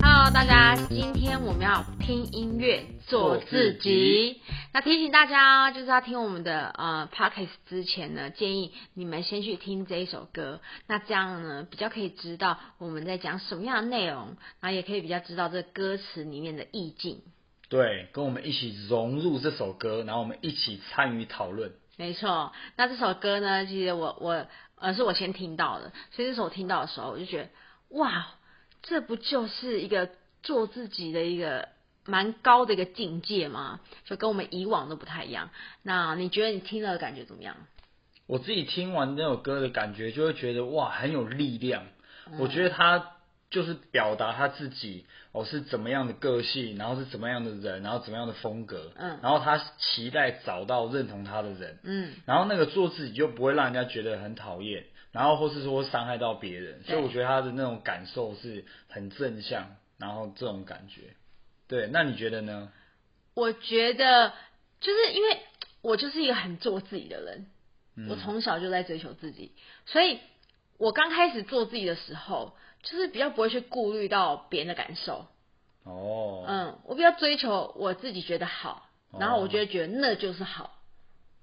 Hello，大家，今天我們要聽音樂做自己。那提醒大家，就是要聽我們的呃 podcast 之前呢，建議你們先去聽這一首歌，那這樣呢比較可以知道我們在講什麼樣的內容，然後也可以比較知道這個歌詞裡面的意境。對，跟我們一起融入這首歌，然後我們一起參與討論。沒錯，那這首歌呢，其實我我呃是我先聽到的，所以這首我聽到的時候，我就覺得哇，這不就是一個做自己的一個蠻高的一個境界嗎？就跟我們以往都不太一樣。那你覺得你聽到的感覺怎麼樣？我自己聽完那首歌的感覺，就會覺得哇，很有力量。嗯、我覺得它。就是表達他自己哦，是怎麼樣的個性，然後是怎麼樣的人，然後怎麼樣的風格，嗯，然後他期待找到認同他的人，嗯，然後那個做自己就不會讓人家覺得很討厭，然後或是說傷害到別人，所以我覺得他的那種感受是很正向，然後這種感覺，對，那你覺得呢？我覺得就是因為我就是一個很做自己的人，嗯，我從小就在追求自己，所以我剛開始做自己的時候，就是比較不會去顧慮到別人的感受。哦、oh.，嗯，我比較追求我自己覺得好，oh. 然後我就覺得那就是好。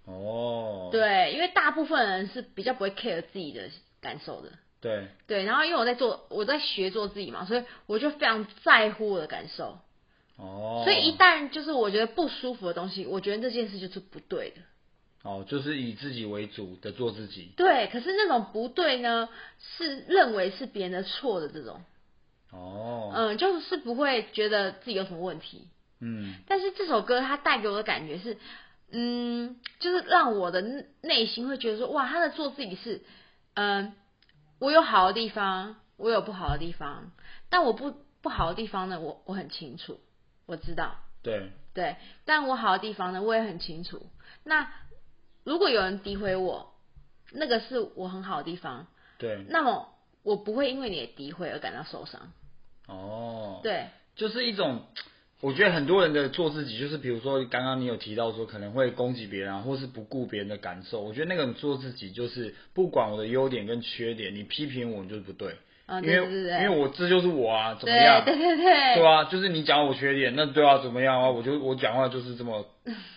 哦、oh.，對，因為大部分人是比較不會 care 自己的感受的。對、oh.。對，然後因為我在做，我在學做自己嘛，所以我就非常在乎我的感受。哦、oh.。所以一旦就是我覺得不舒服的東西，我覺得這件事就是不對的。哦，就是以自己為主的做自己。對，可是那種不對呢，是認為是別人的錯的這種。哦，嗯，就是不會覺得自己有什麼問題。嗯，但是這首歌它帶給我的感覺是，嗯，就是讓我的內心會覺得說，哇，他在做自己是，嗯，我有好的地方，我有不好的地方，但我不不好的地方呢，我我很清楚，我知道。對。對，但我好的地方呢，我也很清楚。那。如果有人詆毀我，那個是我很好的地方。對，那麼我，我不會因為你的詆毀而感到受傷。哦，對，就是一種，我覺得很多人的做自己，就是比如說剛剛你有提到說可能會攻擊別人啊，或是不顧別人的感受。我覺得那個人做自己，就是不管我的優點跟缺點，你批評我，你就是不對。因為、哦、對對對對，因為我這就是我啊，怎麼樣？對對對，對，對啊，就是你講我缺點，那對啊，怎麼樣啊？我就我講話就是這麼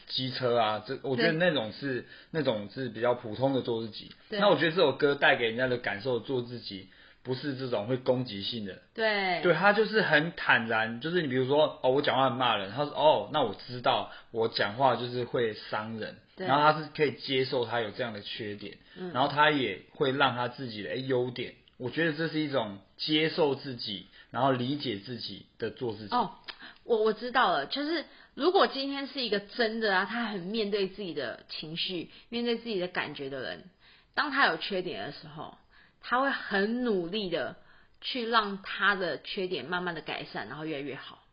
機車啊，這我覺得那種是對對對對，那種是比較普通的做自己。那我覺得這首歌帶給人家的感受，做自己不是這種會攻擊性的。對，對，對他就是很坦然，就是你比如說哦，我講話很罵人，他說哦，那我知道我講話就是會傷人，然後他是可以接受他有這樣的缺點，然後他也會讓他自己的、欸、優點。我覺得這是一種接受自己，然後理解自己的做自己。哦，oh，我我知道了，就是如果今天是一個真的啊，他很面對自己的情緒，面對自己的感覺的人，當他有缺點的時候，他會很努力的去讓他的缺點慢慢的改善，然後越來越好。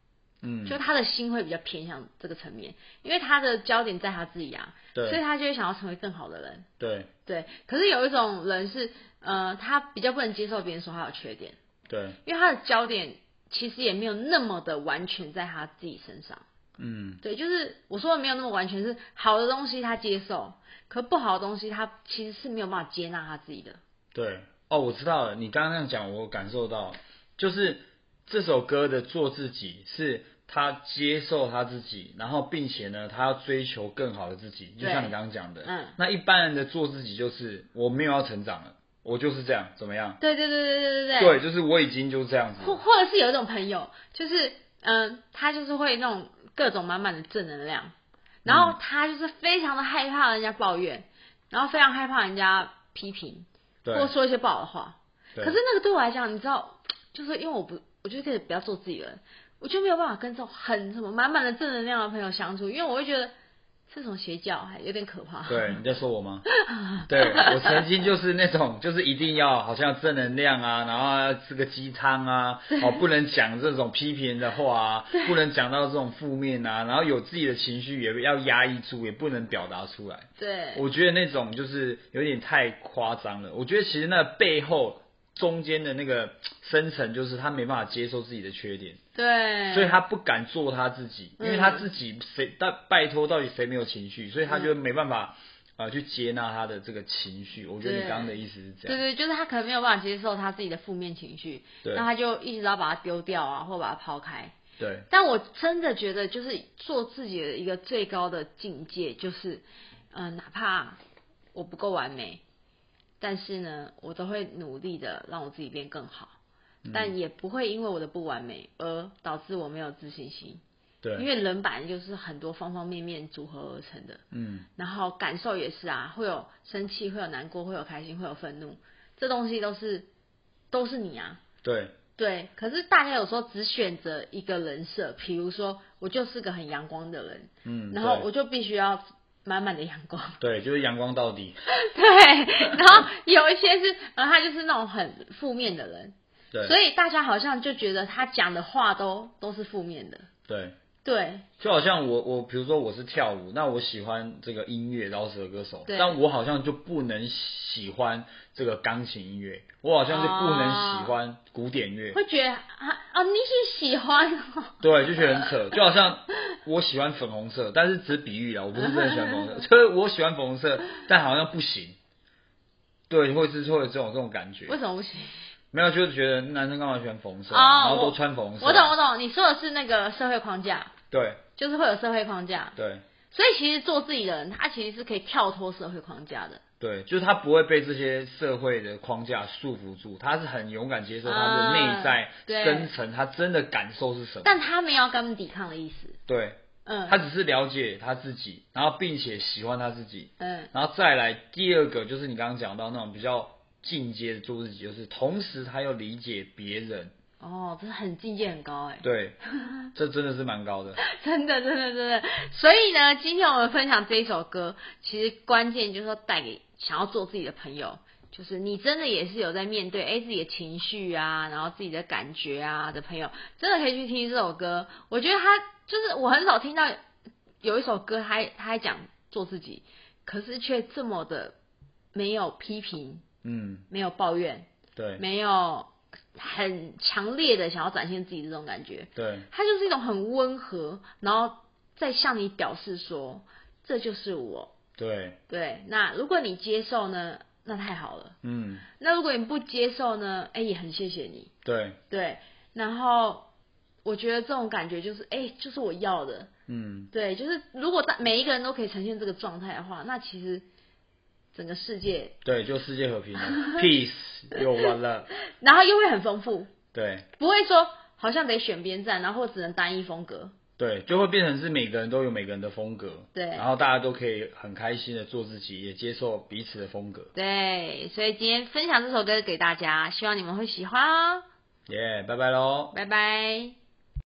嗯，就他的心會比較偏向這個層面，因為他的焦點在他自己啊，對，所以他就會想要成為更好的人，對，對。可是有一種人是，呃，他比較不能接受別人說他有缺點，對，因為他的焦點其實也沒有那麼的完全在他自己身上，嗯，對，就是我說的沒有那麼完全是好的東西他接受，可不好的東西他其實是沒有辦法接納他自己的，對，哦，我知道了，你剛剛那樣講我感受到，就是這首歌的做自己是。他接受他自己，然後並且呢，他要追求更好的自己。就像你剛剛講的，嗯，那一般人的做自己就是我沒有要成長了，我就是這樣，怎麼樣？對對對對對對對，對，就是我已經就是這樣子。或或者是有一種朋友，就是嗯、呃，他就是會那種各種滿滿的正能量，然後他就是非常的害怕人家抱怨，然後非常害怕人家批評，或說一些不好的話。可是那個對我來講，你知道，就是因為我不，我就可以不要做自己了。我就沒有辦法跟這種很什麼滿滿的正能量的朋友相處，因為我會覺得這種邪教還有點可怕。對，你在說我嗎？ 對，我曾經就是那種，就是一定要好像正能量啊，然後要吃個雞湯啊，哦不能講這種批評的話啊，不能講到這種負面吶，然後有自己的情緒也要壓抑住，也不能表達出來。對，我覺得那種就是有點太誇張了。我覺得其實那個背後。中間的那個深層，就是他沒辦法接受自己的缺點，對，所以他不敢做他自己，嗯、因為他自己誰，他拜託到底誰沒有情緒，所以他就沒辦法啊、嗯、呃、去接納他的這個情緒。我覺得你剛剛的意思是這樣，對，對對，就是他可能沒有辦法接受他自己的負面情緒，對，那他就一直要把它丟掉啊，或把它拋開，對。但我真的覺得，就是做自己的一個最高的境界，就是嗯、呃，哪怕我不夠完美。但是呢，我都會努力的讓我自己變更好，嗯，但也不會因為我的不完美而導致我沒有自信心。對，因為人本來就是很多方方面面組合而成的。嗯。然後感受也是啊，會有生氣，會有難過，會有開心，會有憤怒，這東西都是都是你啊。對。對，可是大家有時候只選擇一個人設，比如說我就是個很陽光的人，嗯，然後我就必須要。滿滿的陽光，對，就是陽光到底。 對，然後有一些是，然後他就是那種很負面的人，對，所以大家好像就覺得他講的話都都是負面的。對。對。就好像我我比如說我是跳舞，那我喜歡這個音樂饒舌歌手對，但我好像就不能喜歡這個鋼琴音樂，我好像就不能喜歡古典樂。啊，會覺得啊啊你是喜歡，對，就覺得很扯，就好像。 我喜歡粉紅色，但是只是比喻啦，我不是真的喜歡粉紅色。就是 我喜歡粉紅色，但好像不行，對，會是會有這種這種感覺。為什麼不行？沒有，就是覺得男生幹嘛喜歡粉紅色，哦，然後都穿粉紅色。我，我懂，我懂，你說的是那個社會框架。對。就是會有社會框架。對。所以其實做自己的人，他其實是可以跳脫社會框架的。對，就是他不會被這些社會的框架束縛住，他是很勇敢接受、嗯、他的內在深、深層，他真的感受是什麼。但他沒有根本抵抗的意思。對，嗯，他只是了解他自己，然後並且喜歡他自己，嗯，然後再來第二個就是你剛剛講到那種比較進階的做自己，就是同時他又理解別人。哦，這是很境界很高哎，對，這真的是蠻高的， 的，真的真的真的。所以呢，今天我們分享這一首歌，其實關鍵就是說，帶給想要做自己的朋友，就是你真的也是有在面對哎、欸、自己的情緒啊，然後自己的感覺啊的朋友，真的可以去聽這首歌。我覺得他就是我很少聽到有一首歌他他還講做自己，可是卻這麼的沒有批評，嗯，沒有抱怨，對，沒有。很強烈的想要展現自己的這種感覺，對，它就是一種很溫和，然後再向你表示說這就是我，對對。那如果你接受呢，那太好了，嗯。那如果你不接受呢，哎、欸，也很謝謝你，對對。然後我覺得這種感覺就是，哎、欸，就是我要的，嗯，對，就是如果在每一個人都可以呈現這個狀態的話，那其實。整個世界，對，就世界和平，peace 又完了， Peace, you're welcome 然後又會很豐富，對，不會說好像得選邊站，然後只能單一風格，對，就會變成是每個人都有每個人的風格，對，然後大家都可以很開心的做自己，也接受彼此的風格，對，所以今天分享這首歌給大家，希望你們會喜歡哦，耶、yeah，拜拜嘍，拜拜。